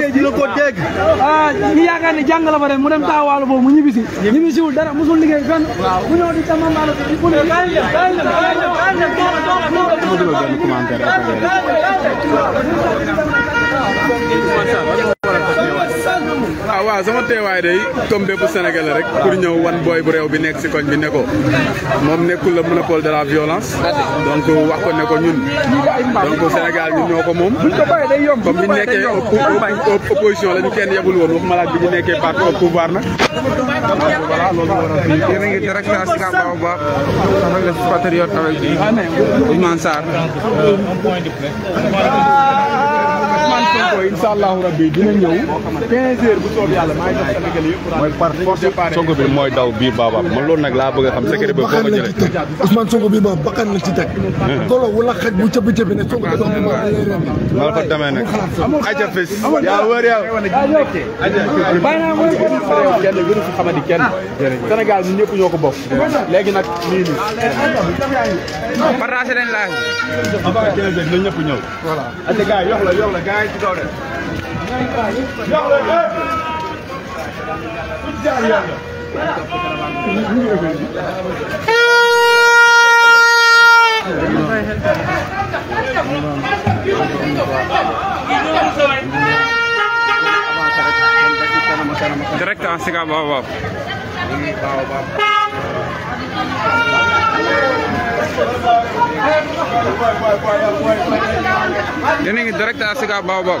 jangan la ko dégg ñu tahu ne jàng bisa, fa dem udara, dem taxawaalu waaw ah, waaw sama teewaay day comme bépp Sénégalais rek pour ñëw wan booy bu réew bi nekk si koñ bi ne ko moom nekkul le monopole de la violence donc wax ko ne ko ñun donc Sénégal ñun ñoo ko moom comme bi nekkee opposition la ñu kenn yebul woon wax malaat bi ñu nekkee parti au pouvoir nag war a yéen a ngi direct à Sicap Baobab avec les Sonko incha allahu rabbi dina ñëw 15 heures bu soob yàlla maa ngi def Sénégal yëpp. mooy par force Sonko bi mooy daw biir baabaam man loolu nag laa bëgg a xam secret boobu foo ko jëlee. Ousmane Sonko bi ba bakkan la ci teg. golo wala xaj bu cëpp cëpp ne Sonko dox ma wala fa demee nag. aja fes yaa wër yaa. bàyyi naa mooy kenn gënu fi xamadi kenn. Ah. Sénégal ñun ñëpp ñoo ko bokk. léegi nag nii nii. partagé leen laaj. ñëpp ñëw. voilà. gars yi yox la yox la gars yi doole direct en Sicap Baobab Yun direct direkta na siga baobab.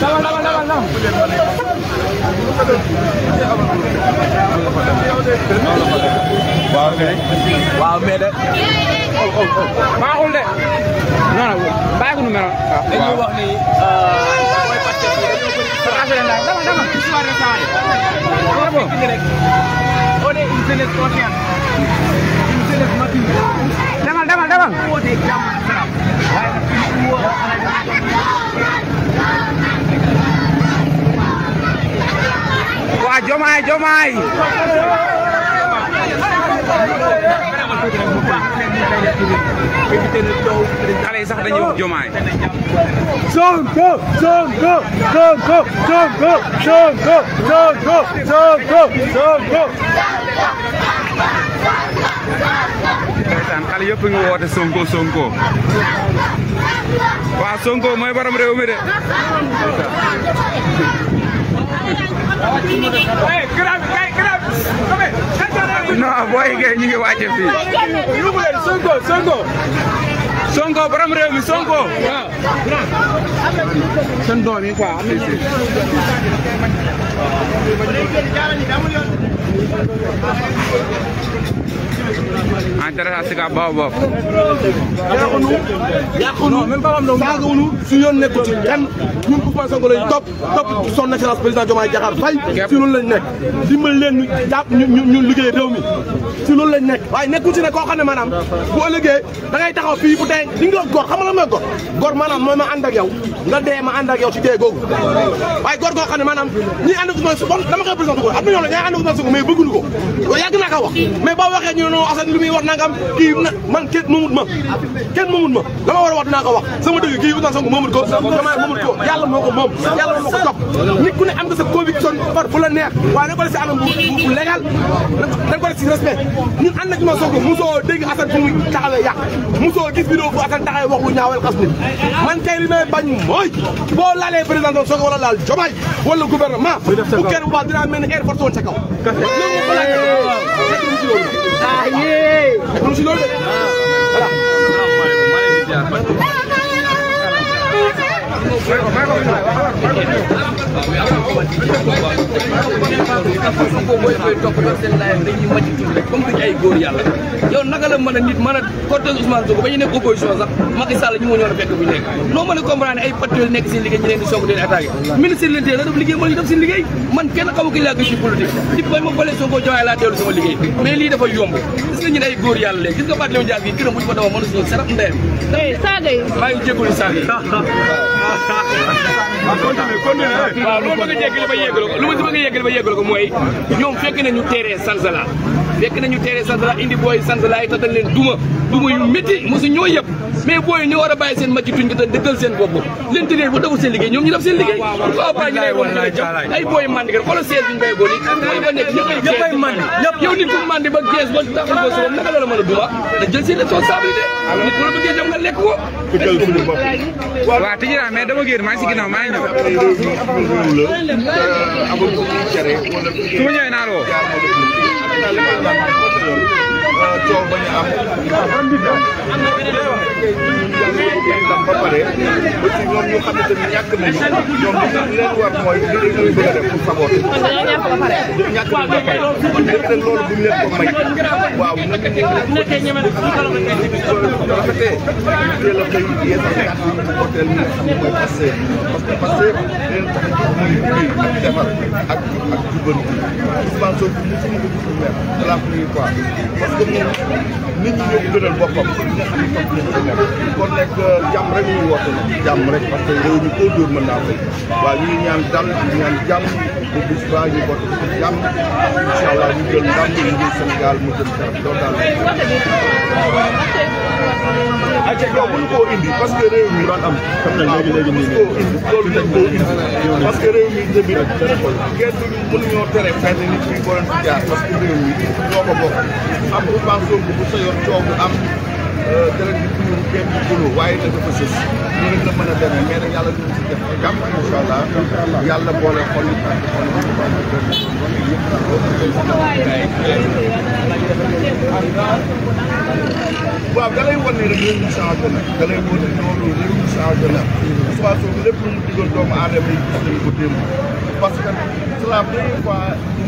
dawal dawal dawal dawal waaw kay waaw mais de baaxul de non non bàyyi ko numéro dañuy wax ni mooy parce que affaire la dama dama histoire de temps yi on est une jeunesse consciente une jeunesse mature demal demal demal qua Mai Mai, Wah, jomai, jomai. Allez, ça va jomai. Sonko, sonko, sonko, sonko, sonko, sonko, sonko, sonko. ndeysaan xale yëpp ngi woote Sonko Sonko waaw Sonko mooy borom réew mi de non boo yeggee ñu ngi wàcce fii Sonko Sonko Sonko borom réew mi Sonko waaw seen doom yi quoi am nañu intérêt à Sicap Baobab boobu. yàqunu yàqunu même Pape Amndor saagawunu su yoon nekkul ci kenn ñun Ousmane Sonko lañ topp topp son excellence président Diomaye Diakhar Faye si loolu lañ nekk dimbali leen ñu jàpp ñu ñu si loolu nekk waaye nekkul ne koo xam bu ëllëgee da ngay taxaw fii bu tey di nga góor xam nga lan mooy góor ma ànd nga dee ma ànd ak yow ci dee googu waaye góor goo xam ne maanaam ñi ànd ak Ousmane Sonko dama koy présenté ko am na ñoo la ñaa ànd ak ko yàgg naa ko wax mais boo waxee moo Assane lu muy wax nangam kii man kenn moomut ma kenn moomut ma dama war a wax dinaa ko wax sama dëgg kii Ousmane Sonko moomut ko dama moomut ko yàlla moo ko moom yàlla moo ko topp nit ku ne am nga sa conviction par bu la neex waaye na ko def si anam bu légal dañ ko def si respect ñun ànd nañu ma Sonko mosoo dégg Assane fu muy taxawee yàq mosoo gis vidéo fu Assane taxawee wax lu ñaawal xas nit man kay li bañ mooy boo laalee président Sonko ay Terus yow naka la mën a nit mën a cortège Ousmane Sonko ba ñu nekk opposition sax Macky Sall ñu ma ñoon a fekk bu ñu nekk noo mën a comprendre ay patriote nekk seen liggéey ñu leen di soog di leen ministre de l'intérieur la def liggéey mën ñu def seen liggéey man kenn xamu ki laa gis ci politique nit bay ma balee Sonko joxee laa dellu sama liggéey mais lii dafa yomb a waaw ah, continué continué. waaw lu ma bëgg a jégalu ba ba yégalu ko mooy ñoom fekk nañu terrain Sansala fekk nañu terrain Sansala indi booy Sansala yi leen duma duma yu métti mosu ñoo yëpp mais booy ñoo war seen màcc tuñ ko te dëggal seen bopp l'intérieur bu seen liggéey ñoom ñu seen liggéey waaw ba ñu lay woon ay booy mandi kan xoolal sees bi ñu bay goon yi ba nekk ñëppay mandi yow nit ku mandi ba gees ba taxaw la la mën a duma da jël seen ko dëggal suñu bopp. waaw Tidjara mais dama génn maa ngi si ginnaaw maa ngi ñëw. Euh, su ma ñëwee naa la woo. coow bañ a am ndax ba pare ba ci ñoom ñu xam ne tamit ñàkk nañu ñoom li leen war mooy li leen bëgg a def pour saboter ñàkk nañu ba pare léegi nag loolu bu ñu leen ko may waaw nañu leen ko rafetee teel a xëy yeesal carte yi hôtel yi nga xam ne mooy passé parce que passé leen tax muy muy defar ak ak jubanti suspension bi mu suñu ko gis lu weer la première fois gën a nit ñi ñoo ko gënal boppam li nga xam ne foofu la ñu nekk kon nag euh, jàmm rek ñu woote nag jàmm rek parce que réew mi koo dóor mën naa ko waaw ñu ngi ñaan dal ñu ñaan jàmm bu bis ba ñu bokk ci jàmm incha allah ñu jël ndam ñu ngi Sénégal mu jëm kanam loolu ayca kaw mënu koo indi parce que réew mi. am xam na léegi léegi nii koo indi loolu dañ koo indi. parce que réew mi tamit kenn duñu tere fenn nit ñi ko leen fi ñoo ko bokk am bu baax soo bu sa yoon am. dërën bi tuur kenn du guloo waaye nag dafa sës ñu nag la mën a demee mais nag yàlla ñu si def jàmm incha allah yàlla boole xol yi ak xol yi waaw da lay rek réew mi changé na da lay wan lépp lu mu digal doomu aadama yi gis nañ ko démb parce que c'est la première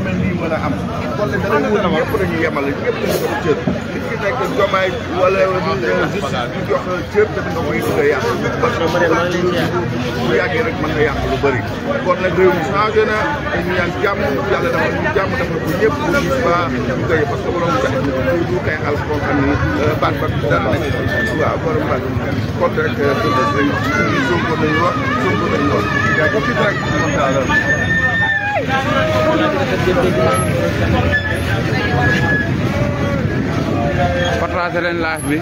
mel nii mën a am kon nag da lay wan ne ñëpp dañuy yemale ñëpp dañu ko ki nekk jomaay wala juste ñu jox cër tamit nga koy dugg a yàq parce que parti bu yàggee rek mën na yàq lu bëri kon nag réew mi changé na ñu ñaan jàmm yàlla dafa ñu jàmm dafa bu ñëpp bu gis ba ñu koy parce que borom sax du kay al koo xam ni baat baat bi dara nekk waaw borom baat kon rek Sonko lañu wax Sonko lañu wax yaa ko fi rek Thank you. partage leen live bi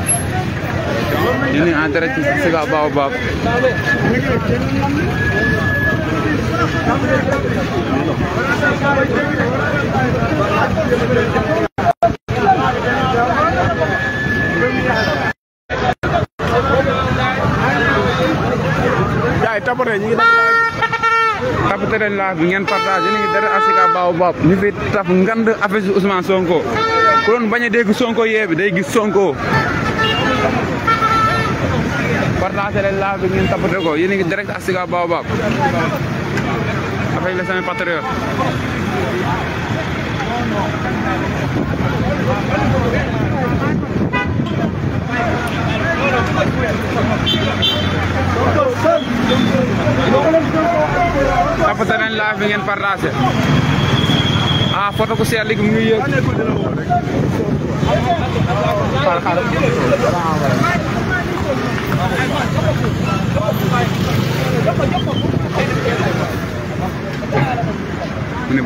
ini antara en direct ci Sicap Baobab Jaay tabare ñi ngi jàpp leen laaf bi ngeen partage ni dara asika baaw baab ñu fi taf ngand affaire su Ousmane Sonko ku doon bañ a dégg Sonko yeebi day gis Sonko partage leen laaf bi ngeen ko yéen direct asika baaw baab avec les amis patriotes Thank you. Apa live ngeen par raase ah photo ko seel mu ngi yëg par xaar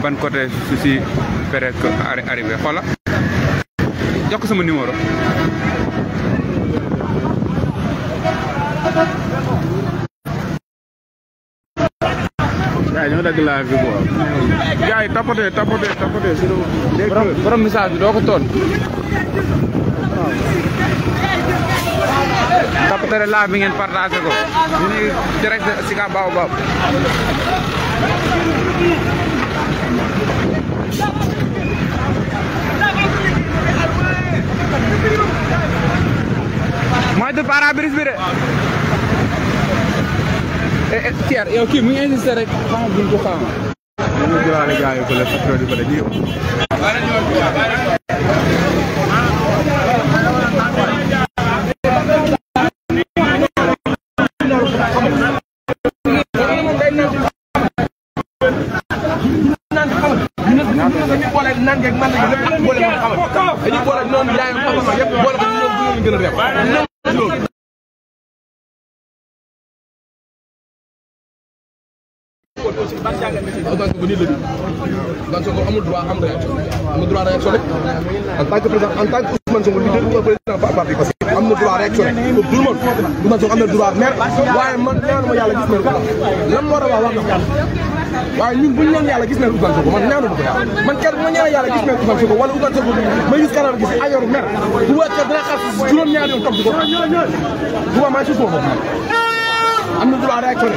ban côté su si pere arrivé xoola jox ko sama numéro gars yi ñoo dagg live bi quoi. gars yi tapoté bi doo ko toon. tapoté de live bi ngeen partagé ko. ñu ngi direct si baaw baaw. moytu pare-brise bi Thierre eh, eh, yow kii mu ngi insisté rek xama buñ ko xama ñu ngi jëlaale gars yi ko la sa produit ba dañuy nan ngeen man nañu lépp boole man xamal dañu boole noonu jaay xamal yëpp boole ko ñoom gën a réew Sonko aussi ban jàngat nga ci. en tant que bu nit la dugg ban Sonko amul droit am réaction amul droit réaction rek en tant que président en tant que Ousmane Sonko leader ou président par parti parce que am na droit réaction pour tout le monde Ousmane Sonko am na droit mer waaye man ñaanuma yàlla gis mer ko lan moo war a wax wax waaye ñun bu ñu ñaan yàlla gis nañu Ousmane Sonko man ñaanu ko yàlla man kenn bu ma ñaan yàlla gis nañu Ousmane Sonko wala Ousmane Sonko may gis kanam gis ayoru mer bu wàccee dina xas juróom-ñaari yoon topp di ko bu ma maa ci suuf am na droit réactionné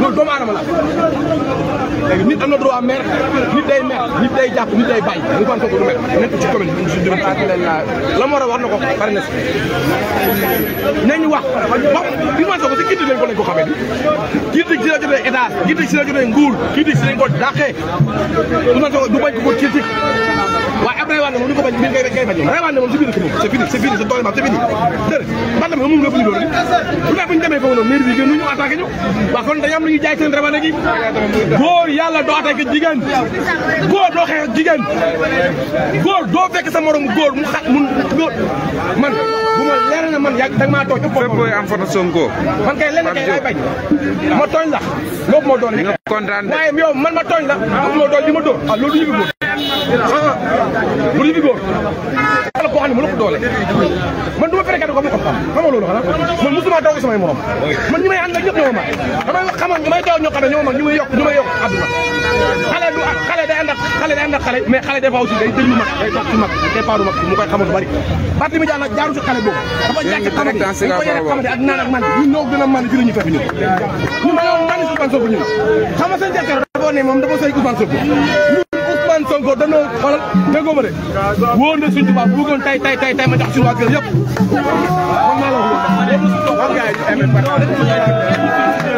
loolu doomu aadama la léegi nit am na droit mer nit day mer nit day jàpp nit day bàyyi mu ban ko du mer nekk ci commune bi suñu demee ak leen laa la moo war wax na ko bari na si nañu wax ba bi man soo ko si kiiti lañ ko lañ ko xamee bi kiiti si la jotee état kiiti si la jotee nguur kiiti si lañ ko dàqee du man soo du bañ ko ko kiiti waaye après wàll moom ni ko bañ biir ngay ngay bañ moom rewaat na moom si biir moom c'est fini c'est fini sa doole maam c'est fini dër man dama mun nga bu ñu loolu bu naa bu ñu demee foofu noonu mairie bi gën ñu attaqué ñu waaw kon dañu am lu ñuy jaay seen rabane gi góor yàlla doo attaqué jigéen góor doo xeex jigéen góor doo fekk sa morom góor mu xat mun góor man bu ma leer na man yàgg da nga maa tooñ fépp am photo Sonko man kay lenn kay lay bañ ma tooñ la loolu moo doon li nga kontaan waaye yow man ma tooñ la loolu moo ma dóor ah loolu du ñu góor bu ñu góor ala ma fekk maa daw samay morom man ñi may ànd ak ñëpp ñoo ma damay wax xamal ñu may daw ñoo xam ne ñoo ma ñu may yokk ñu may yokk àdduna xale du ak xale day ànd ak xale day ànd ak xale mais xale des fois aussi day déglu mag day toog ci mag day paaru mag mu koy xamal bari parti mi daal jaaru ci xale boobu dafa jàkk xamati ko yene xamati ak naan ak man ñun ñoo gën a man ci ñu fekk ñun ñun ñoo man Ousmane Sonko ñun xam nga seen jàkkar dafa ne moom dafa sëy Ousmane Sonko Ousmane Sonko danoo xoolal déggoo ma de wóor na suñu tubaab bëggoon tay tay tay tay ma jox suñu waa kër yëpp bokk gars yi ñu aimé partage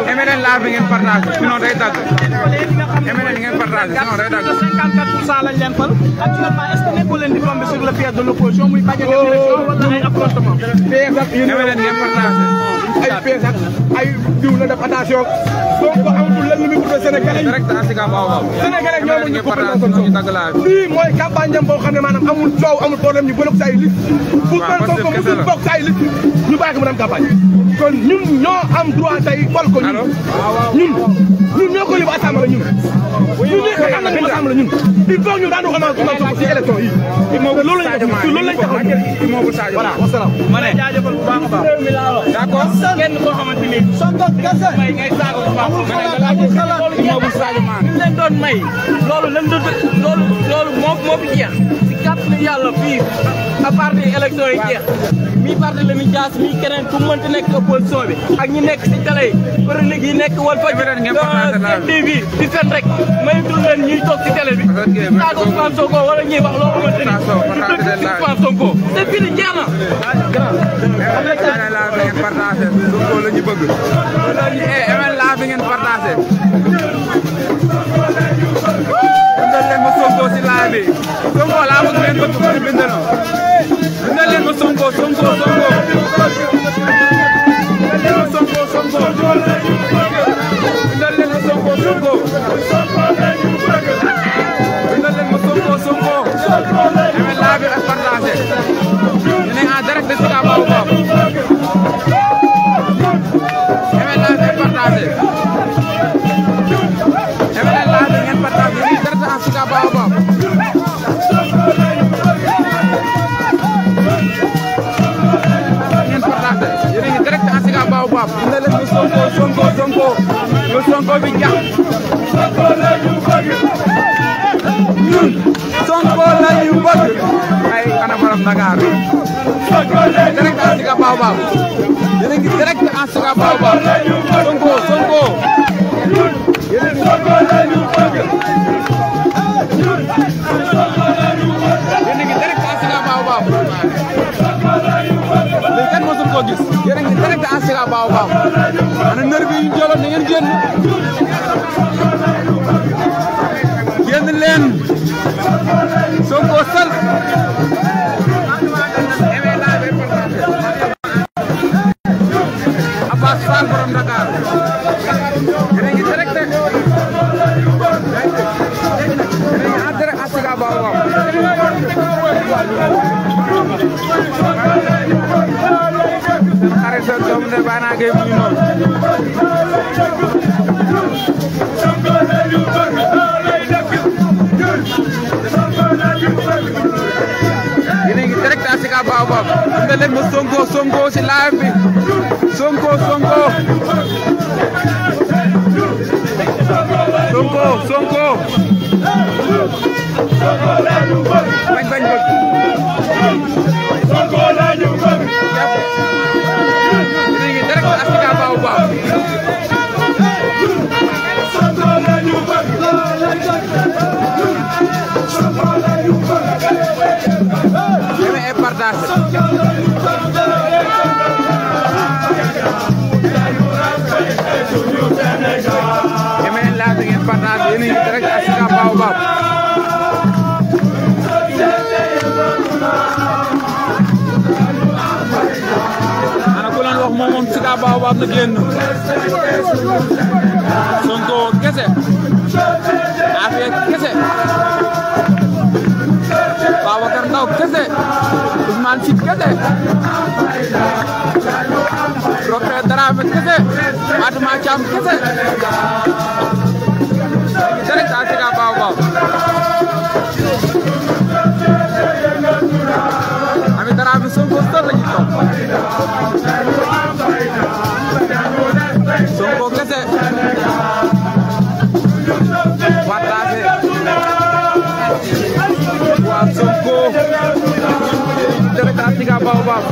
aimé leen live bi ngeen partage sinon day tàgg Emene ni ngeen partagé non rek dag 54% lañ leen fal actuellement est ce que nekkul di tombé sur le pied de l'opposition muy bañ a dem élection wala ay affrontement PS ak Ayo, ayo ngeen partagé ay PS ak ay diw la def attention Sonko amatul lenn lu mu pour sénégalais yi direct asika jam boo xam ne maanaam amul coow amul problème ñu bloqué say liste bu ko Sonko musul bokk say liste ñu bàyyi ko mu dem campagne kon ñu nekk ànd benn ensemble ñun il faut ñu daanu Ousmane Sonko ci élection yi loolu lañ loolu lañ taxaw voilà wasalaam ma ne jaajëfal bu baax a baax d'accord kenn koo xamante ni Sonko kese may ngay saaga bu baax ma ne la doon may loolu lañ doon loolu loolu moo moo fi jeex dëgg yàlla fii à partir élection yi jeex mi parti la mi jaas mi keneen ku mënti nekk opposition bi ak ñi nekk si télé yi chronique nekk wal faj tv di fen rek maytul leen ñuy toog si télé bi saaga Ousmane Sonko wala ñuy wax loo xamante ni du dëgg si Ousmane Sonko c'est fini jeex na ngeen partagé Sonko la ñu bëgg la eh, bi ngeen partagé be sonko laa bëgg ngeen bëgg ko bind na bind leen ma sonko sonko sonko bind leen ma sonko sonko bind leen ma sonko sonko tubaab dina leen ñu sonko sonko sonko sonko bi jax sonko la ñu bëgg sonko la ñu bëgg ay ana borom gis yéen a ngi direct sal Gueye mu ngi noonu yéen a ngi direct à Sicap Mbao Mbao gis Africa Baobab Aimez et partagez. Aimez, like et partagez. Yéen a ngi direct moom moom Sika Baobab na génn Sonko kese affaire kese Babacar Ndaw kese Ousmane Sy kese Rokhaya Dramé kese Fatma Thiam kese dara ca Sika Baobab Ami Dramé Sonko sër la ñu topp Sonko kese partage waa Sonko debe taa tiga baobab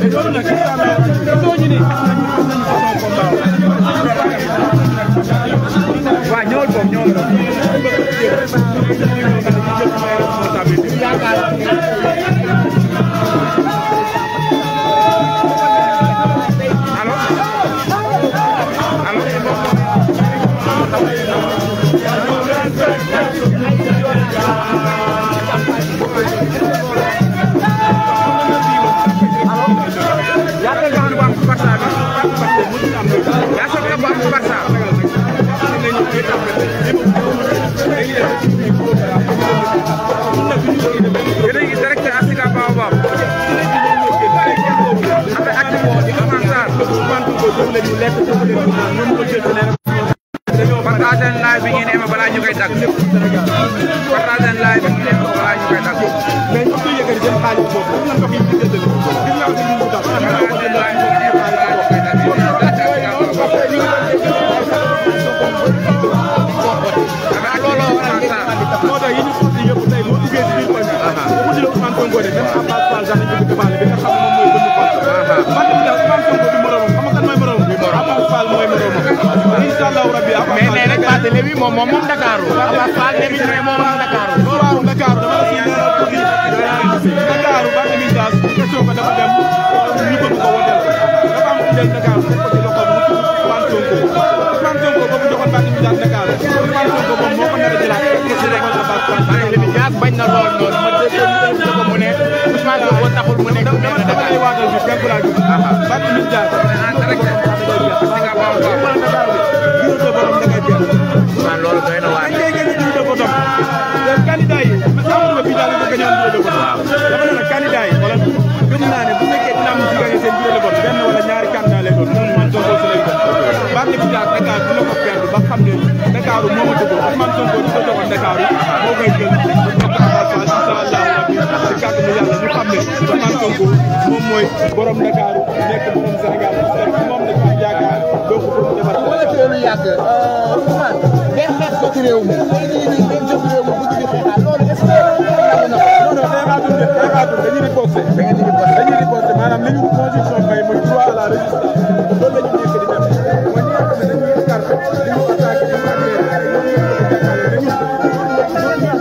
te loolu nag ñu ne waaw ñëwal foofu ñëwal ñu lekk te Lévi moom moom moom Dakar Abass Fall Lévi moom moom Dakar moom Dakar dama la fi ñaanal pour ñu Dakar ba Barthélémy Dias question ba dafa dem ñu bëgg ko woteel dafa am ku jël Dakar teg ko ci loxoom Ousmane Sonko Ousmane Sonko ba mu joxoon Barthélémy Dias Dakar Ousmane Sonko moom moo ko nar a jëlaat teg ci loxoom Abass Fall Barthélémy Dias bañ na lool lool ma dégg ko mu ne Ousmane Sonko taxul mu nekk benn Dakar waatal bi fenk laa jóg Barthélémy Dias Ndakaaru moo ma dugg Ousmane Sonko ñu ko joxoon Ndakaaru moo koy jël ci kàttanu yàlla ñu xam ne Ousmane Sonko moom mooy borom Ndakaaru nekk borom Sénégal moom la ñu yaakaar donc pour mu defar wala loolu yàgg euh, Ousmane day xeex jot réew mi jot réew mi bu ñu xeexaat loolu est-ce que non non xeexaatul de xeexaatul dañuy riposté dañuy riposté maanaam li ñu condition fay mooy droit à la résistance loolu la ñu nekk di def Thank you.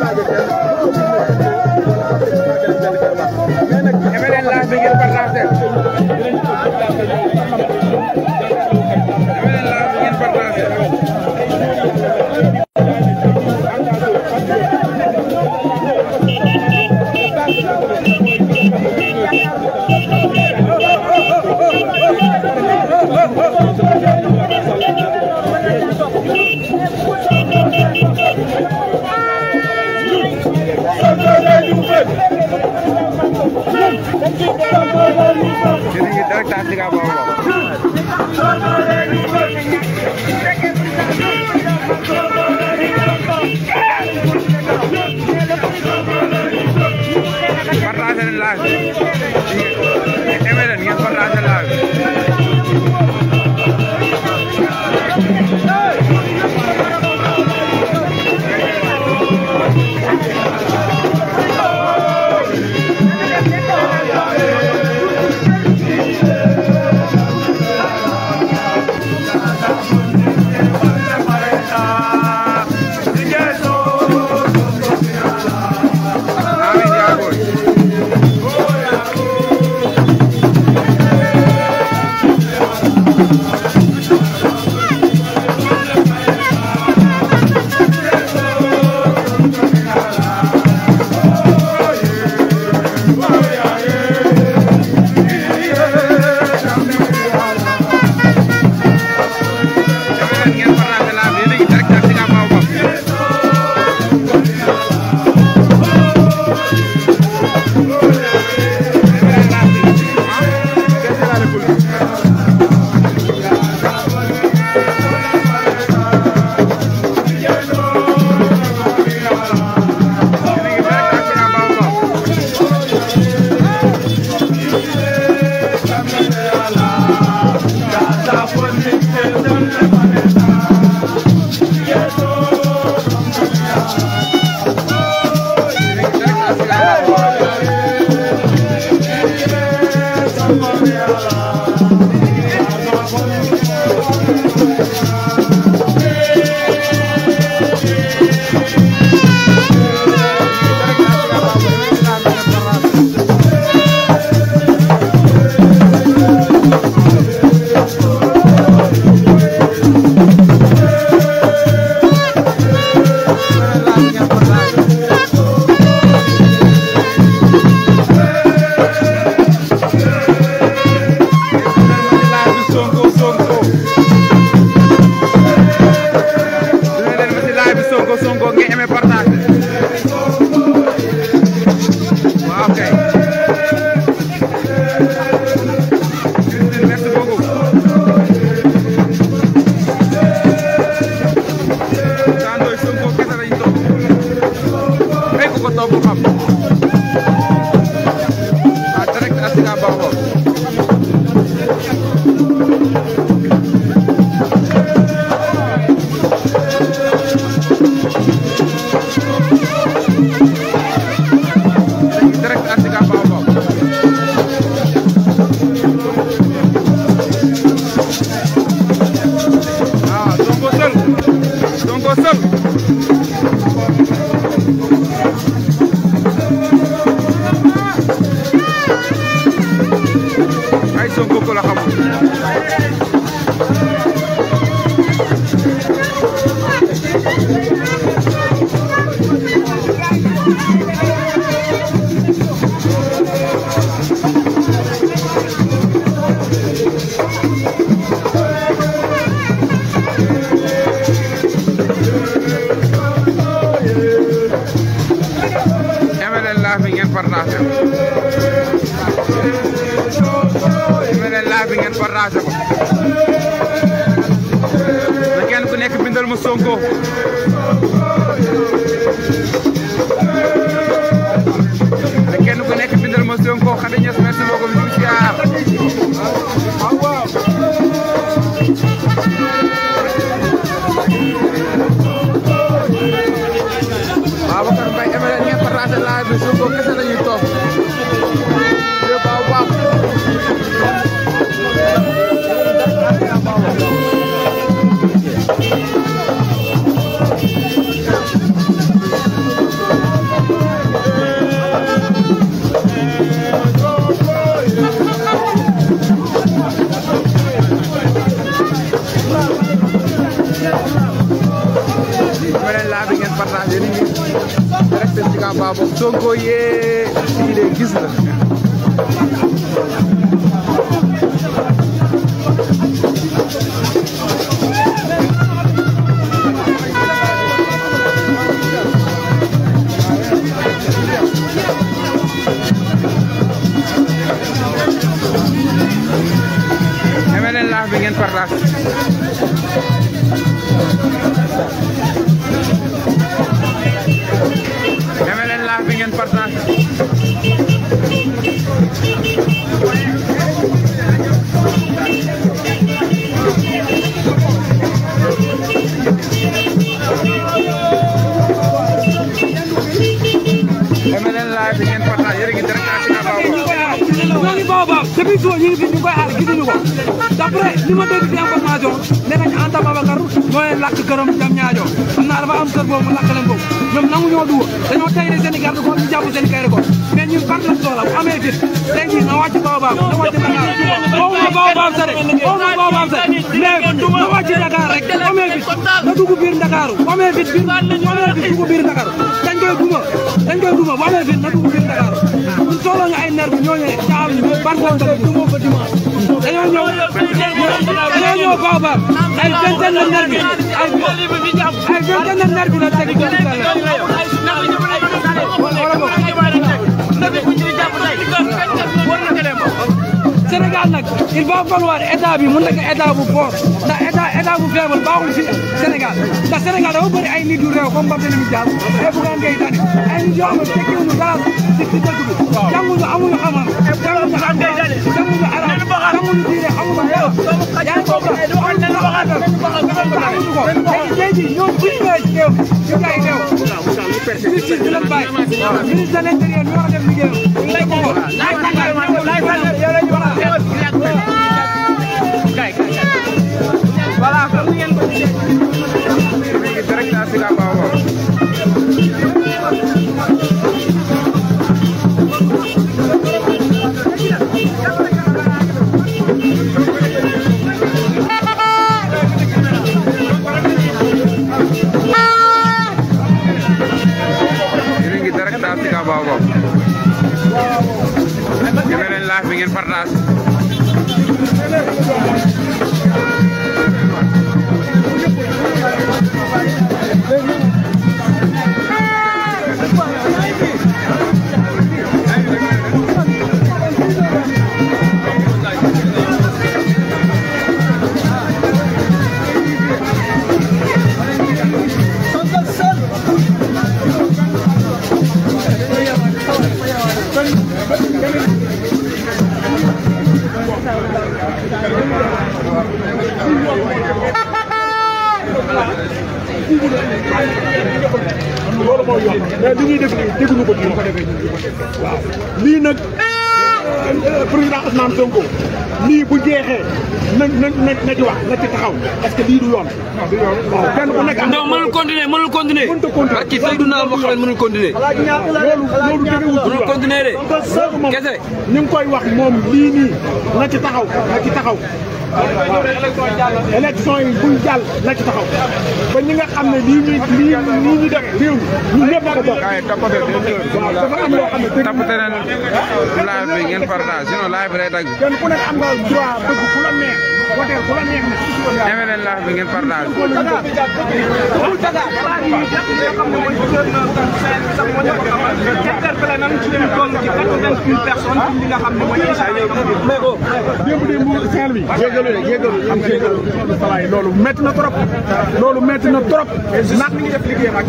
Jadi kita cantik apa apa. Parla sen las. Mama Sonko. Sonko yee fii de gis na këram jam ñaajo xam naa dafa am kër boobu lakk leen ko ñoom nangu ñoo duwa dañoo tey ne seen i garde corps ñu jàpp kay ko mais ñun par la soxla bu fit tey jii na wàcc Baobab na wàcc Dakar boobu ma Baobab sa de boobu ma Baobab sa mais na wàcc Dakar rek bu amee fit na dugg biir Ndakaaru bu amee fit biir bu amee fit dugg biir Ndakaaru dañ koy duma dañ koy duma bu fit na dugg biir Ndakaaru ñun soxla ñu ay nerf ñooñu caaw ñu barke ايوه بابا البنت انا النرجل البنت انا النرجل انت Sénégal nag il va falloir état bi mu nekk état bu fort ndax état état bu faible baaxul si Sénégal ndax Sénégal dafa bëri ay nit yu réew comme Barthélémy Dias ay Bougane Gueye Dany ay nit yoo xam ne tekkiwuñu dara si si dëkk bi jànguñu amuñu xam-xam jànguñu xam-xam jànguñu arabe ministre de l'Intérieur ñu war a def liggéeyam voilà ngeen partage loolu mooy yoon mais li ñuy def nii dégguñu ko nii waaw lii nag président Ousmane Sonko lii bu jeexee na na na ci wax na ci taxaw parce que lii du yoon. waaw kenn ku nekk am na. non mënul continuer mënul continuer. mënut a continuer ak ci Seydina Mouhamed mënul continuer. loolu loolu jëfewul mënul continuer de. kese ñu koy wax moom lii nii na ci taxaw na ci taxaw. élection yi buñ jàll na ci taxaw ba ñi am na ne lii ñuy lii ñuy ñu def réew mi ñu ñëpp a ko am loo xam ne dëgg la. live bi ngeen partage sinon live bi day dagg. kenn ku nekk am nga droit bëgg ku la ñeme leen laaj bi ngeen partage. interpellé nañ ci leen toll ci quatre-vingt-huit personnes li nga xam ne mooy démb di mu Saint-Louis jégalu jégalu am nga jégalu salaay loolu métti na trop loolu métti na trop ndax mi ngi def liggéeyam ak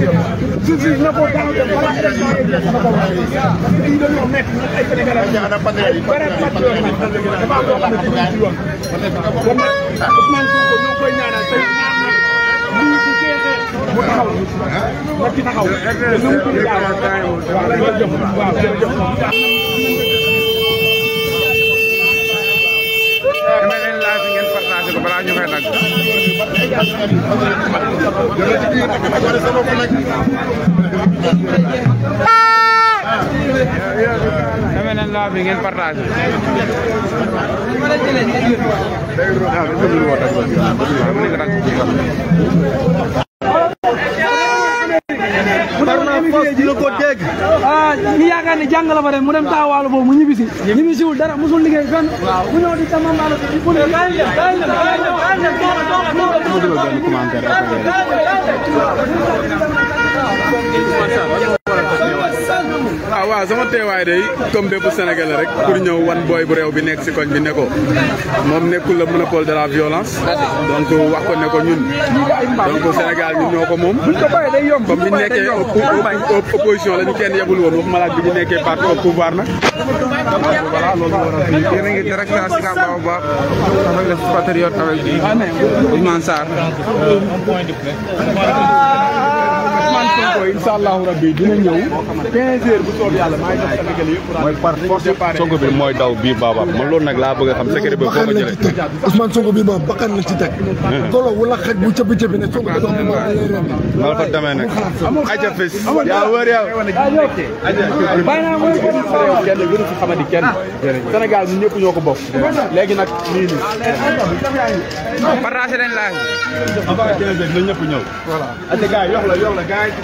justice na ko daaw dem wala élection yi jeex na ko parce que lii dañoo métti ay Sénégalais bare patriote dafa am loo xam ne ci yoon moom ah Ousmane Sonko ñoo koy ñaanal tey ñaan nag lii su seexee mu taxaw na ci taxaw te nu mu ko jaaroo waaw jërëjëf waaw jërëjëf Jangan jadi, jangan jadi sama pelak. deme nañ laa bi ngeen partagé. ñi yaakaar ne jàng la fa dem mu dem taxawaalu boobu mu ñibbisi ñibbisiwul dara musul liggéey fenn mu ñëw di di bu ne kaay dem kaay dem kaay dem kaay dem kaay waaw waaw sama teewaay day comme bépp sénégalais rek pour ñëw wan booy bu réew bi nekk si koñ bi ne ko moom nekkul la monopole de la violence donc wax ko ne ko ñun donc Sénégal ñun ñoo ko moom comme bi nekkee opposition la ñu kenn yebul woon wax malaat bi ñu nekkee parti au pouvoir nag voilà loolu moo yéen a ngi direct à Sicap Baobab avec les patriotes avec Ousmane Sarr Sonko incha allahu rabbi dina ñëw 15 heures bu soob yàlla maa ngi def Sénégal yëpp. mooy par force Sonko bi mooy daw biir baabaam man loolu nag laa bëgg a xam secret bi foo ko jëlee. Ousmane Sonko bi ma bakkan la ci teg. golo wala xaj bu cëpp cëpp ne Sonko bi dox ma lay ren. loolu fa demee nag. aja fis yaa wër yaa. bàyyi naa mooy kenn gënu fi xamadi kenn. Sénégal ñun ñëpp ñoo ko bokk. léegi nag nii nii. partagé leen laaj. avant 15 heures ñëpp ñëw. voilà. gars yi yox la yox la gars yi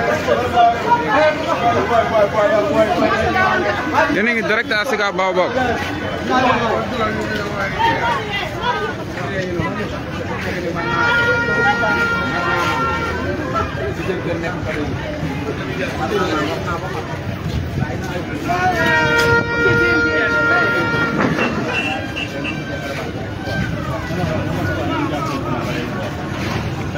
Ini direct asik apa bawa bau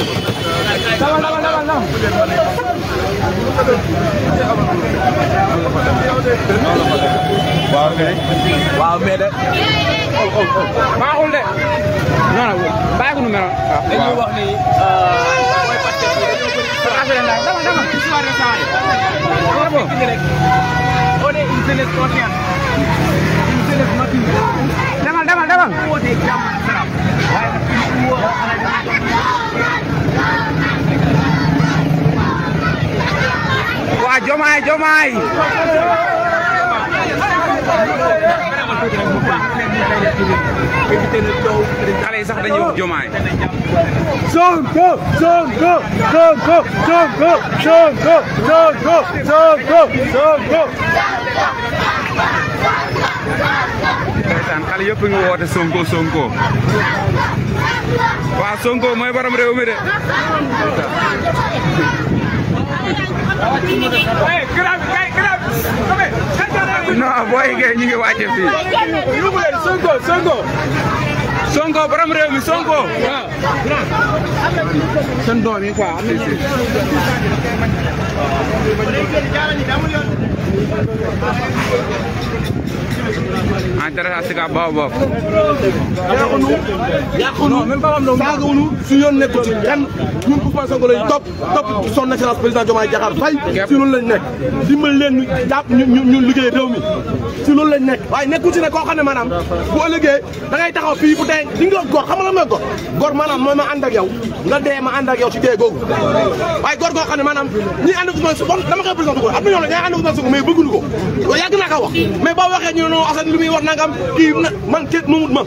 dawal dawal dawal dawal waaw mais waaw mais de baaxul de non non bàyyi ko nu mel dañuy wax ni mooy parti bi dañoo bëri affaire la dama dama histoire de saa yi on est une jeunesse consciente une jeunesse mature demal demal demal waa Diomaye Diomaye xale yi sax dañuy wax Diomaye Sonko Sonko Sonko Sonko Sonko Sonko Sonko Sonko ndeysaan xale yëpp ngi woote Sonko Sonko waa songo mooy borom réew mi de. non boo yeggee ñu ngi wàcce fii. Sonko Sonko. Sonko borom réew mi Sonko. waaw. seen doom yi quoi. intérêt à Sicap Baobab boobu. yàqunu yàqunu saagawunu su yoon nekku ci kenn ñun Ousmane Sonko lañ topp topp son excellence président Diomaye Diakhar Faye si loolu lañ nekk dimbal leen ñu jàpp ñu ñu liggéey réew mi si loolu lañ nekk waaye nekkul si ne koo xam ne maanaam bu ëllëgee da ngay taxaw fii bu dee di nga góor xam nga lan mooy góor góor maanaam mooy ma ànd ak yow nga dee ma ànd ak yow si googu waaye góor goo xam ne maanaam ñi ànd ak Ousmane Sonko dama koy présenté ko am na ñoo xam ne ñooy yi bëgguñu ko loolu yàgg naa ko wax mais boo waxee ñu ne non Assane li muy wax nangam kii man kenn moomut ma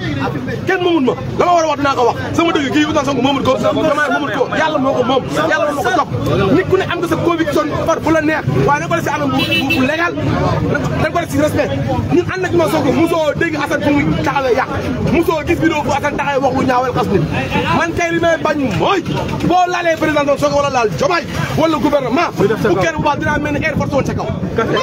kenn moomut ma la ma war a wax wax sama dëgg kii Ousmane Sonko moomut ko dama moomut ko yàlla moo ko moom yàlla moo ko topp nit ku ne am nga sa conviction par bu la neex waaye na ko def si anam bu légal dañ ko def si respect ñun ànd ak ma Sonko mosoo dégg Assane fu muy taxawee yàq mosoo gis vidéo bu Assane taxawee wax lu ñaawal xas nit man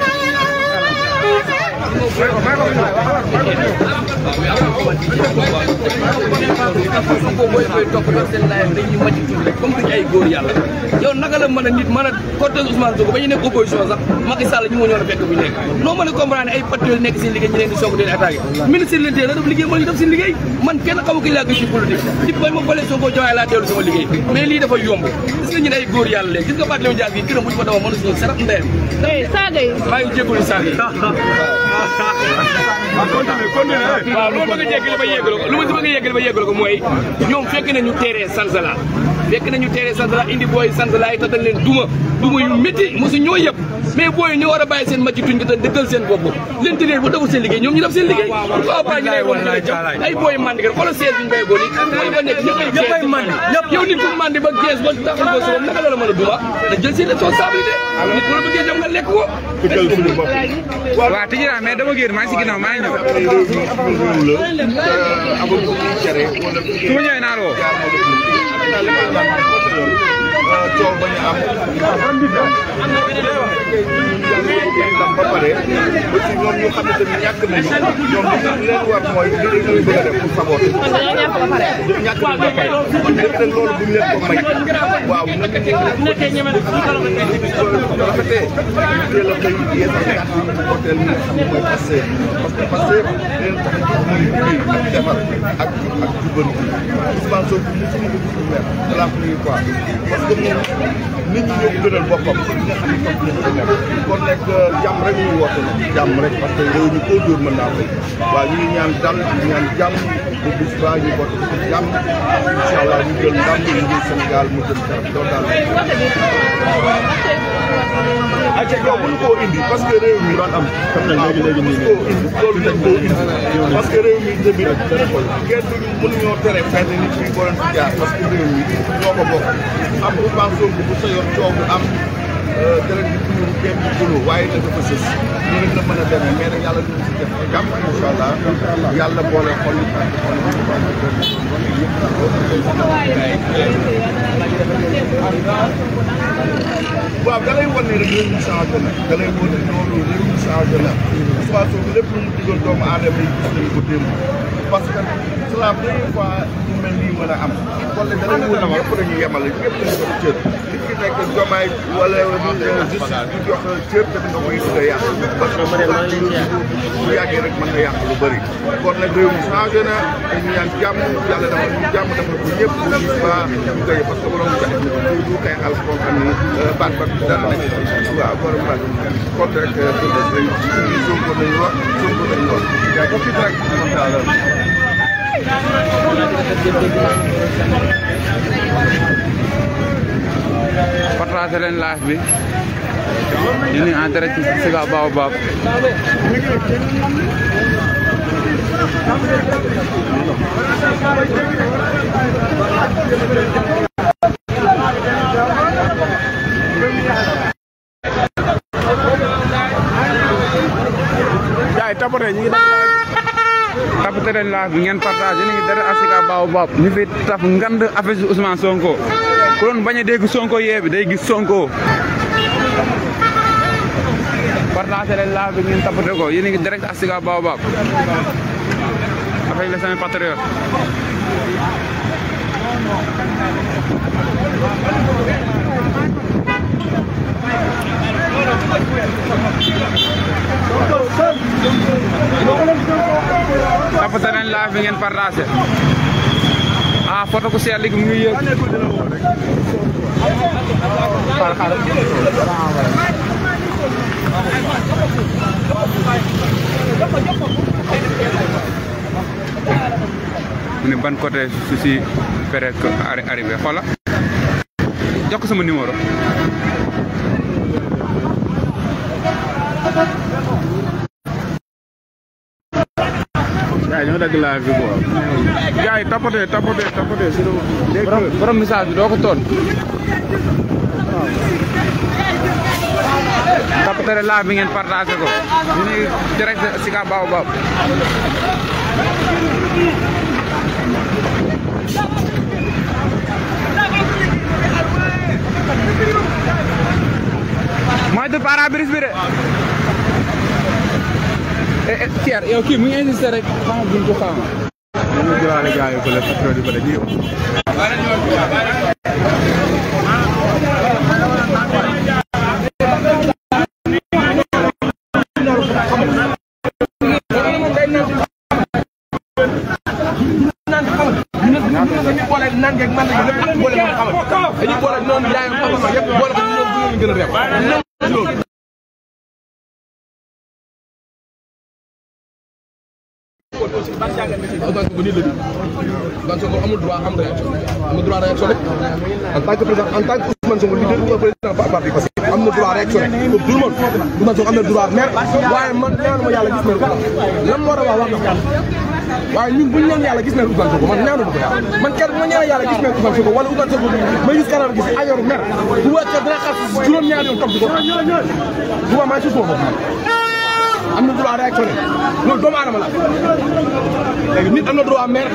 booy fay topp yor seen laayam dañuy màcc tuuti rek comme duñu ay góor yàlla yow naka la mën a nit ma ñoon a ay patriote nekk seen liggéey ñu leen di soog di attaqué ministre de l'Intérieur la def liggéey mën ñu def seen liggéey man kenn xamu ki laa gis ci politique ci bay ma balee Sonko jawaay laa dellu sama liggéey mais lii dafa yomb gis nga ñun ay góor yàlla léegi gis nga Fatou Diagne bi këram bu ñu fa dama mën a suñu sarat ndeyam eh, saaga yi maa ngi jégalu saaga yi ah continué continué. waaw lu ma bëgg a jégalu ba yégalu ko lu ma si bëgg a yégalu ba yégalu ko mooy ñoom fekk nañu teeree Sansala fekk nañu teeree Sansala indi booy Sansala yi te leen duma duma yu métti mosu ñoo yëpp mais booy ñoo war a bàyyi seen màcc tuñ ko te dëggal seen bopp l'intérieur bu deful seen liggéey ñoom ñu def seen liggéey waaw waaw ñu lay woon booy mandi kan xoolal seet bi ñu béy booy ba nekk ñëppay mandi yow nit ku mandi ba gees ba ko sa bopp naka la la a duma da jël si responsabilité nit bu ko waaw tëj naa mais dama génn maa ngi si ginnaaw maa ngi ñëw ma ñëwee coow bañ a am ndax ba pare aussi ñoom ñu xam ne tamit ñàkk nañu ñoom li leen war mooy li leen koy bëgg a def pour saboter ñàkk nañ ba pare léegi nag loolu buñ leen ko may waaw na nga nekk bu rafetee teel a xëy yeesal carte yi hôtel yi nga xam ne mooy passé parce que passé leen tax muy muy defar ak ak jubanti Ousmane Sonko mu suñu ko gis lu mel la première fois gëm nañu nit ñi ñoo gënal boppam li nga nga kon nekk euh, jàmm rek ñu woote na rek parce que réew mi koo dóor mën naa ko waaw ñu ngi ñaan dal ñu ñaan jàmm bu bis ba ñu bokk ci jàmm incha ñu jël ndam ñu jël Sénégal mu jël kanam loolu daal aca yow buñ koo indi parce que réew mi daan am xam na léegi léegi nii koo indi loolu dañ parce que tere fenn nit ñi ñoo ko am Ousmane Sonko bu sooyoon coow bu am euh, deret bi tuur kenn du tulo waaye nag dafa sës ñu ngi la mën a demee mais nag yàlla nañu si def boole xol yi ak xol yi waaw da lay wan ne rek réew mi changé na mu digal doomu aadama yi gis nañu ko démb parce que c'est la première fois lii mën a am kon nag danañ mën a wax ñëpp dañuy yemale ñëpp dañu jox cër li ci nekk jomaay wala juste ñu jox cër def nga koy bëgg a yàq parce que bu yàggee rek mën na yàq lu bëri kon nag réew mi changé na dañu ñaan jàmm yàlla dafa ñu jàmm dafa ko ñëpp bu gis ba ñu koy parce que borom jax du kay al koo xam ne euh, baat baat bi dara nekk waaw borom baat kon rek euh, Sonko dañu wax Sonko dañu wax yaa ngi fi rek partagé leen live bi ñu ngi en ci Sicap Baobab jaay tapote ñu leen laaj bi ngeen partagé ni dara asika baobab ñu fi taf ngand affaire Ousmane Sonko ku doon bañ a Sonko yee day gis Sonko partagé leen laaj bi ngeen tapate ko ngi direct asika tapatan ang labi ngeen par rase ya. ah photo ko si Aliou ngi yeug par xal mune ban côté su si péré Ya arrivé xola jox sama numéro gars yi ñoo dagg live bi quoi. gars yi tapoté tapoté tapoté. dégg nga borom message bi doo ko toon. waaw. tapoté la Thierre eh, eh, yow kii mu ngi insisté rek xama buñ ko xama ñu ngi jëlaale gars yi fële pétrole yi fële ñu yëpp nan ngeen mën nañu lépp boole ma xamal dañu boole noonu yaayam papa ma yëpp boole ko ñoom bu ñu gën a réew aussi ban jàngat nga ci. en tant que bu nit la nii Ousmane Sonko amul droit am réaction amul droit réaction rek en tant que président en tant que Ousmane Sonko leader ou président par parti parce que am na droit réaction comme tout le monde Ousmane Sonko am na droit mer waaye man ñaanu ma yàlla gis mer lan moo war a wax wax na waaye ñun bu ñu ñaan yàlla gis nañu Ousmane Sonko man ñaanu ma ko yàlla man kenn bu ma ñaan yàlla gis nañu Ousmane Sonko wala Ousmane Sonko ma gis kanam gis ayoru mer bu wàccee dara xas juróom-ñaari yoon topp di ko bu ma maa ci suuf am na droit réactionné loolu doomu aadama la léegi nit am na droit mer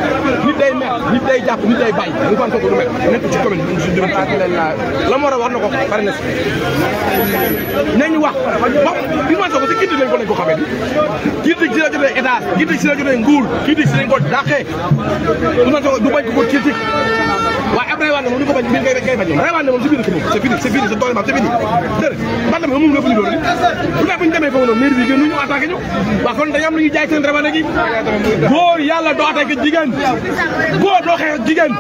nit day mer nit day jàpp nit day bàyyi mu fan kooku du mel nekk ci commune bi suñu jëm ak leen laa la moo war wax na ko pare na si nañu wax wax bi ma soog a si kiit lañ ko lañ ko xamee bi kiit si la jotee état kiit si la jotee nguur kiit si lañ ko dàqee du ma soog du bañ ko ko critique waaye après Rewane moom ni ko bañ mi ngi koy kay bañ moom Rewane moom si biir moom c'est fini c'est fini sa tool yi maanaam c'est fini dër man tamit amul nga fi ñu loolu bu nekk bu ñu demee foofu noonu mairie bi gën ñu attaqué ñu waaw kon dañu am lu ñuy jaay seen rabane gi góor yàlla doo attaqué jigéen góor doo xeex jigéen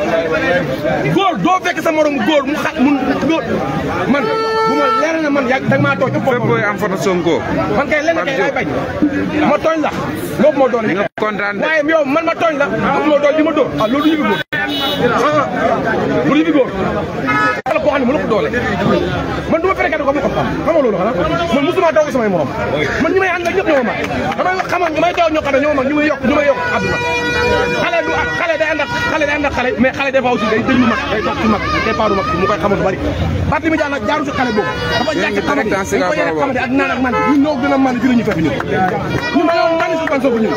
góor doo fekk sa morom góor mu xa man bu ma leer na man yàgg da nga maa tooñ. fépp koy am photo Sonko. man kay lenn kay laay bañ ma tooñ la loolu moo doon nekk. waaye yow man ma tooñ la loolu moo doon ma doon ah loolu yëngu ah, ah. bu ñu góor ala koo xam ne mënu ko doole man du ma fekkee ko ma ko xam xamoo loolu xanaa man musuma daw samay morom man ñi may àndal ñëpp ñoo ma damay wax xamal ñu may daw ñoo xam ne ñoo ma ñu may yokk ñu may yokk àdduna xale du ak xale day ànd ak xale day ànd ak xale mais xale des fois aussi day déglu mag day toog ci mag day paaru mag mu koy xamal bari parti mi daal jaaru ci xale boobu dafa jàkk xamante dafa yàq xamante ak naan ak man ñun ñoo gën a man ci li ñu fekk ñun ñun dañoo man Ousmane Sonko ñun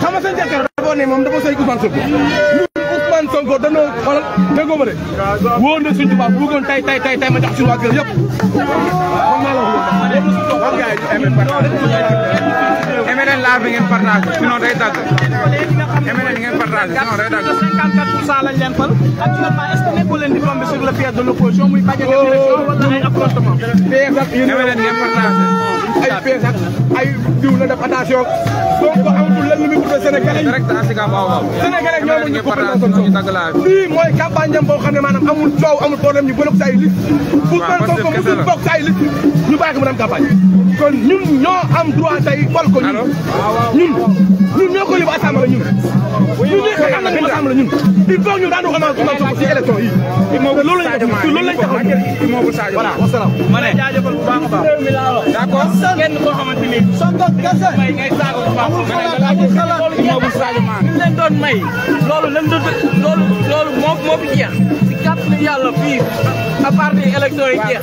xam nga seen jàkkar dafa ne moom dafa sëy Ousmane Sonko Ousmane Sonko danoo xoolal déggoo ma de wóor na suñu tubaab bëggoon tay tay tay tay ma jox suñu waa kër yëpp. ngeen laafee ngeen partage sinon day dagg. ñeme ngeen partage sinon day dagg. 54 lañ leen fal. actuellement est ce que nekkul leen di tomber sur le piège de l' muy bañ a wala ay affrontement. ay piège ay diw la def attention. donc amatul lenn lu muy coupé Sénégalais yi. direct Asiga waaw waaw. Sénégalais ñoo ñu coupé la sonso. lii campagne jam boo xam ne amul coow amul problème ñu bloqué ay liste. waaw parce que kese bu mel kooku mosul ñu bàyyi mu dem campagne. kon ñun ñoo am droit tey fal ko ñun. ñun ñun ñoo ko yóbbu assemblée ñun. ñun ñoo ko am nañu assemblée ñun. il faut ñu daanu Ousmane Sonko ci élection yi. loolu lañ loolu lañ taxaw voilà wasalaam. ma ne jaajëfal bu baax a baax. d'accord kenn koo xamante ni. Sonko kese may ngay saaga bu baax. amul xalaat amul xalaat. li mu dëgg yàlla fii à partir élection yi jeex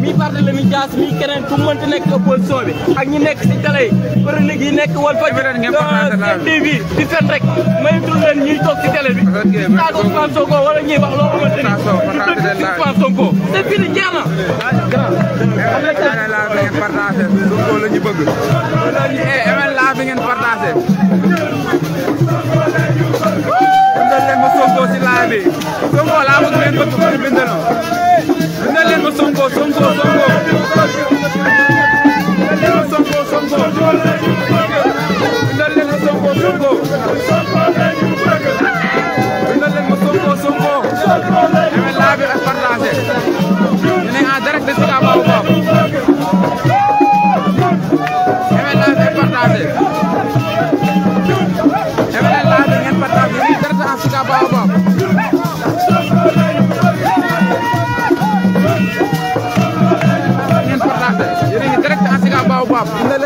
mi parti la mi jaas mi keneen fu mu mënti nekk opposition bi ak ñi nekk si télé yi chronique yi nekk wal faj tv di fen rek mayitul leen ñuy toog si télé bi taago Ousmane Sonko wala ñuy wax loo xamante ni si Ousmane Sonko c'est fini jeex na la bi ngeen a Sonko la ñu bëgg gaay bi Sonko laa bëgg ngeen bëgg mu bind na bindal leen ma Sonko Sonko Sonko bindal leen ma Sonko Sonko bindal leen ma Sonko Sonko bindal leen ma Sonko Sonko aimé laa bi ak partagé ñu ne en direct de Sicap Mbao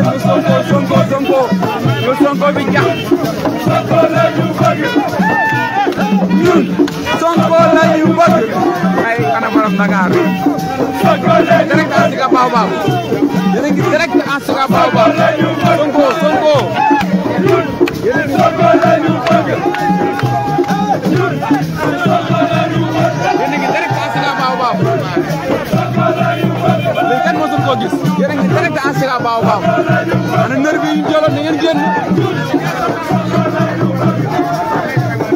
bi sonko sonko sonko sonko bi jax ñu sonko la ñu bëgg ay ana borom Dakar direct en Sicap Mbao Mbao direct en Sicap Mbao Mbao sonko sonko ñun sonko sonko ñu direct a ngi direct en génn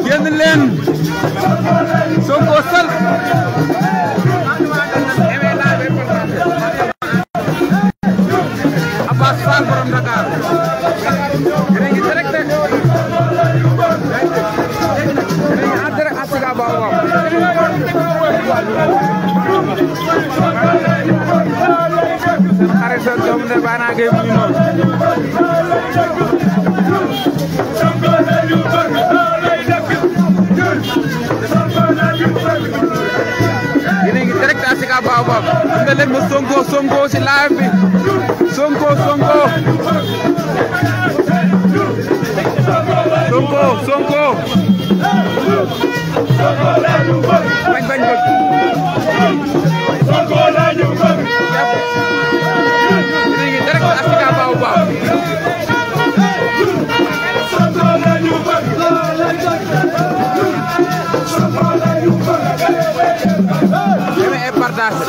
génn leen Sonko sal Abass Fall borom Dakar yéen a ngi direct rek seen xarit sa doom ne baanaa ngay mu noonu Sicap Baobab waaw nga leen ma Sonko Sonko si live bi Sonko Sonko Sonko Sonko bañ bañ bëgg Sonko lañu bëgg direct à Sicap Baobab waaw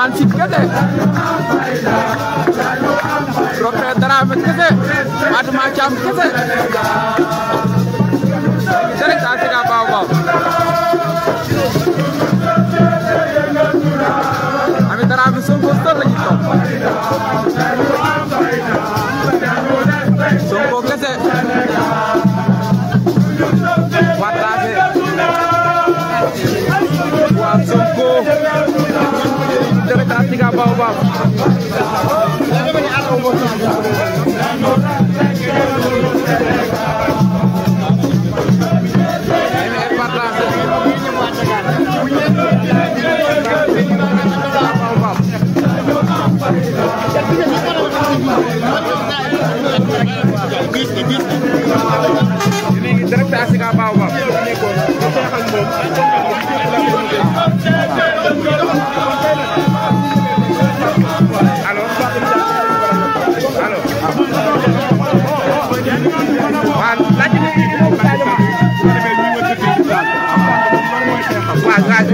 Mansi Kete, Dr. Darame Kete, Atma Cham Kete. Jadi tak tidak bawa. Kami Darame sungguh betul lagi tu. tiga bau bau.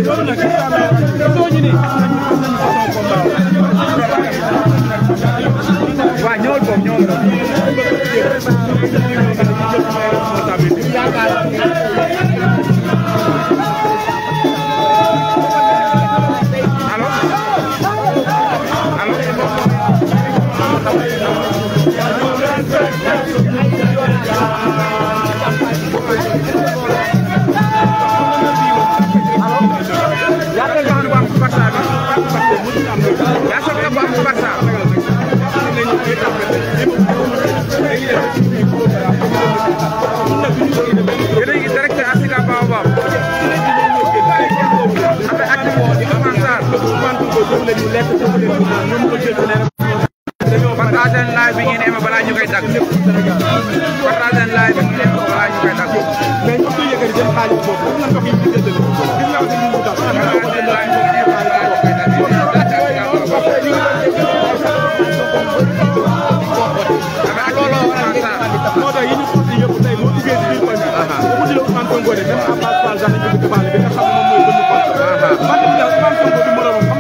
loolu nag incha allah doo ñu ne nañu nañu ko soog combat waaw ñëwal foofu ñëwal partagé leen live bi ngeen aimé balaa ñu koy dagg partagé leen live bi ngeen aimé balaa ñu koy dagg mais ñu koy yëkkati jël xaalis boobu lan nga koy gisee Ousmane Sonko de même à part par Jean Ndiaye bi nga xam ne moom mooy gën a man Ousmane Sonko du moroomam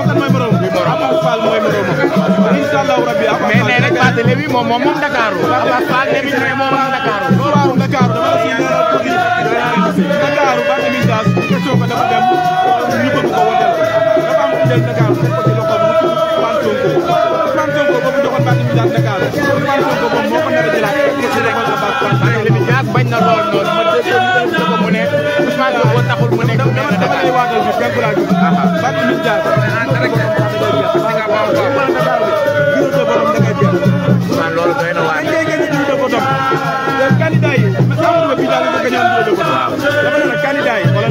Lévi moom moom moom Dakar Abass Fall Lévi Touré moom moom Dakar waaw Dakar dama la siy leeral tuuti Dakar Barthélémy Dias question ba dafa dem ñu bëgg ko woteel dafa am ku jël Dakar teg ko ci loxo bi Ousmane Sonko Ousmane Sonko ba mu joxoon Barthélémy Dias Dakar Ousmane Sonko moom moo ko nar a jëlaat ci rek Abass Fall Barthélémy Dias bañ na lool noonu ma dégg ko mu ne Ousmane Sonko taxul mu nekk benn Dakar waatal bi fekk laa jóg Barthélémy Dias buur de borom da ngay jël. waaw loolu doy na waay. kañ ngay gagné buur de borom. te candidat yi xam nga bii daal dafa gagné buur de borom. waaw dama ne la candidat yi wala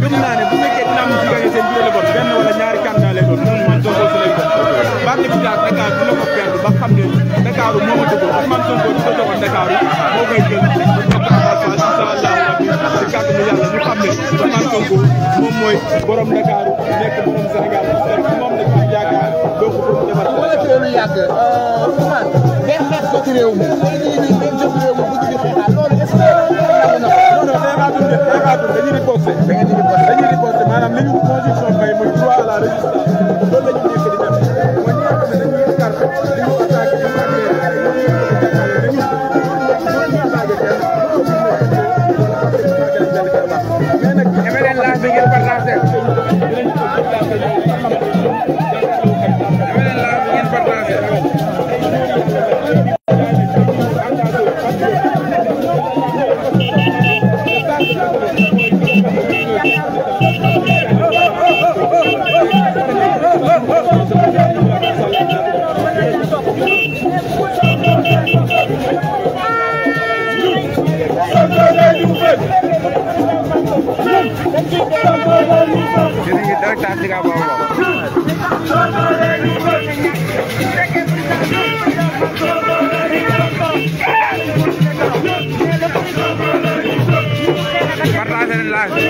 gëm naa ne bu fekkee dina am du la ko perdre ba xam ne Dakar moo ma dëggoo man na yàlla ñu xam ne Ousmane Sonko moom mooy borom Dakar nekk borom Sénégal te moom la ñu yaakaar donc pour mu defar. wala ci loolu yàgg euh, Ousmane day xeex ko ci réew mi léegi nii day jóg réew mi bu ci xeexaat ah, loolu est-ce que non non day baatul de day baatul dañuy riposté dañuy riposté maanaam li ñu condition bay mooy droit à la résistance loolu la ñu nekk di def mooy ñi nga xam ne dañuy escarpé li ñu attaqué ñu attaqué dañuy Jadi kita cantik apa apa. Pernah jadi lagi.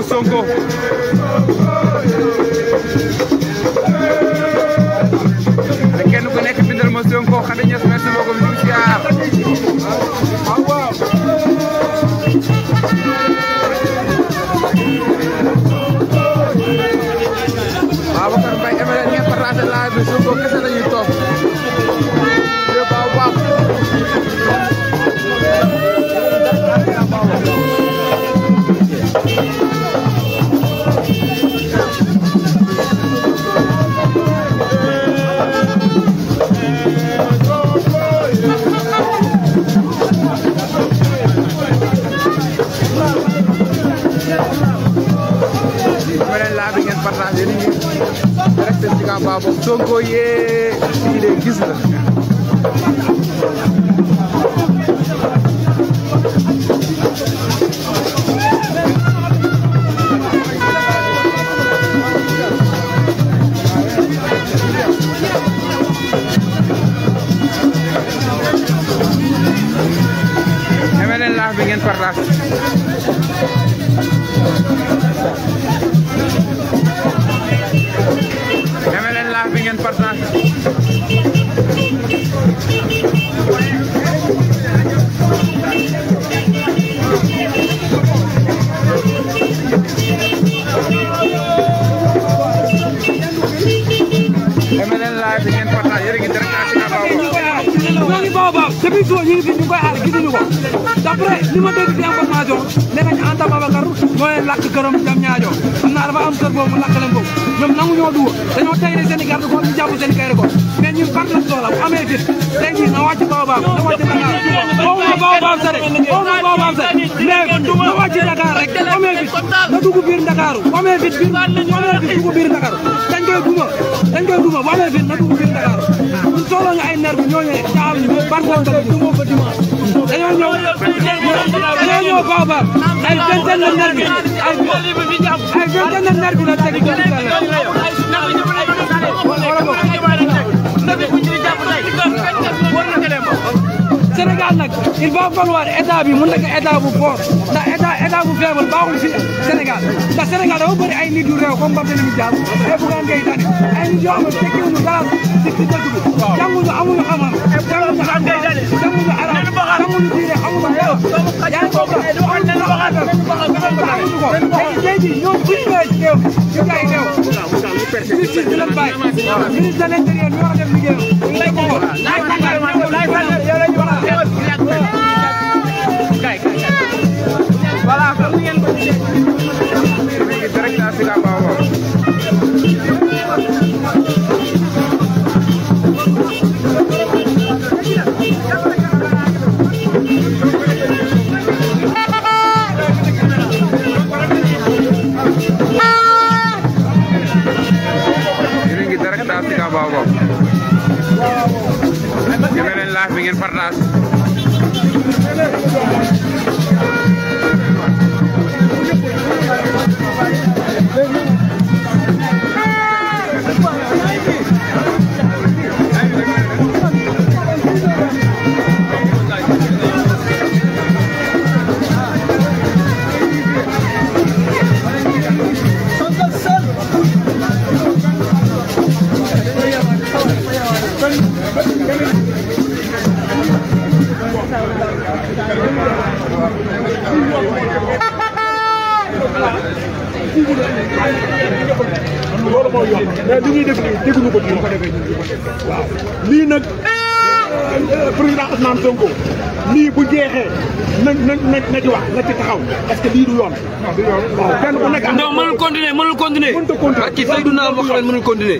Vamos, Songo! Sonko yee fii de gis nga. dañoo duma dañoo tey ne seen i garde corps ñu jàpp seen i garde corps mais ñun ban la soxla bu amee fit tey jii na wàcc Baobab na wàcc Dakar foofu na Baobab de foofu na Baobab sa mais na wàcc Dakar rek fit na biir Dakar bu biir bu amee biir Dakar dañ koy duma dañ koy duma ñun soxla ñu ay nerf ñooñu caaxaan ñu dañoo ñëw dañoo ñëw Baobab ay vingtaine de nervi ay vingtaine de nervi la teg Doudou Sané Sénégal nag il va falloir état bi mu nekk état bu fort ndax état état bu faible baaxul ci Sénégal ndax Sénégal dafa bari ay nit yu rew comme ni Dias ay bu Bougane ngay tan ay nit yoo xam ne tekkiwuñu dara si si dëkk bi jànguñu amuñu xam-xam jànguñu alxuraan jànguñu arab jànguñu diine amuñu dara yaa ngi bokk amuñu ko léegi tey jii ñoom bu ñu ñëwee si réew si ay réew ministre bi lañ bàyyi ministre de l'intérieur ñu war a def liggéeyam Voilà, comme nous y en bi ngeen partage mais li ñuy def nii dégguñu ko dinañ ko defee ñu ko defee waaw lii nag ah, président Ousmane Sonko lii bu jeexee na na na ci wax na ci taxaw parce que lii du yoon. du yoon waaw kenn ku nekk. non mënul continuer mënul continuer. mënut a continuer ak ci Seydina Mohamed mënul continuer.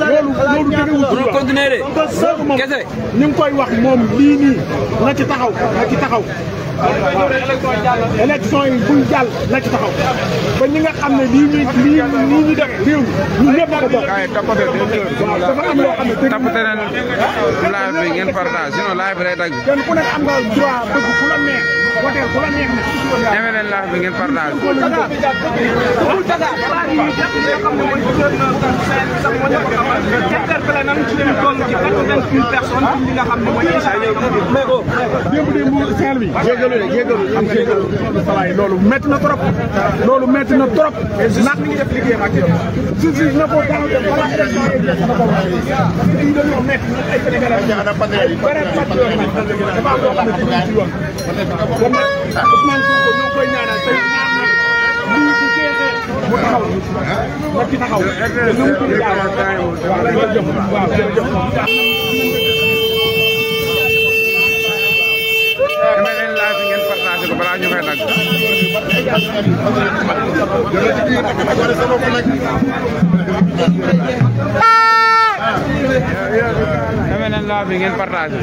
loolu loolu dégguwul ci kese ñu ngi koy wax moom lii nii na ci taxaw na ci taxaw. élection yi buñ jàll na ci taxaw ba ñi nga xam ne lii ñuy lii lii ñu def réew ñu ñëpp ko bokk. waaw dafa am loo xam ne tënk na. live bi ngeen partage sinon live bi day dagg. kenn ku nekk am nga droit bëgg ku la ñeme leen laaj bi ngeen partage. interpellé nañu ci leen toll ci quatre-vingt-huit personnes li nga xam ne mooy incha loolu métti na trop loolu métti na trop ndax mi ngi def liggéeyam ak yow justice na ko daaw def balaa élection yi def na ko parce que lii dañoo métti ay Sénégalais kon nag Ousmane Sonko ñoo ngi koy ñaanal tey ñaan nag lii bu jeexee mu taxaw na ci taxaw te nu mu gën a gaaw waaw jërëjëf waaw jërëjëf Yeah, yeah, yeah. nañ laa bi ngeen partagé.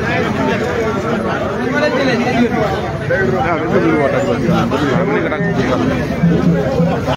waaw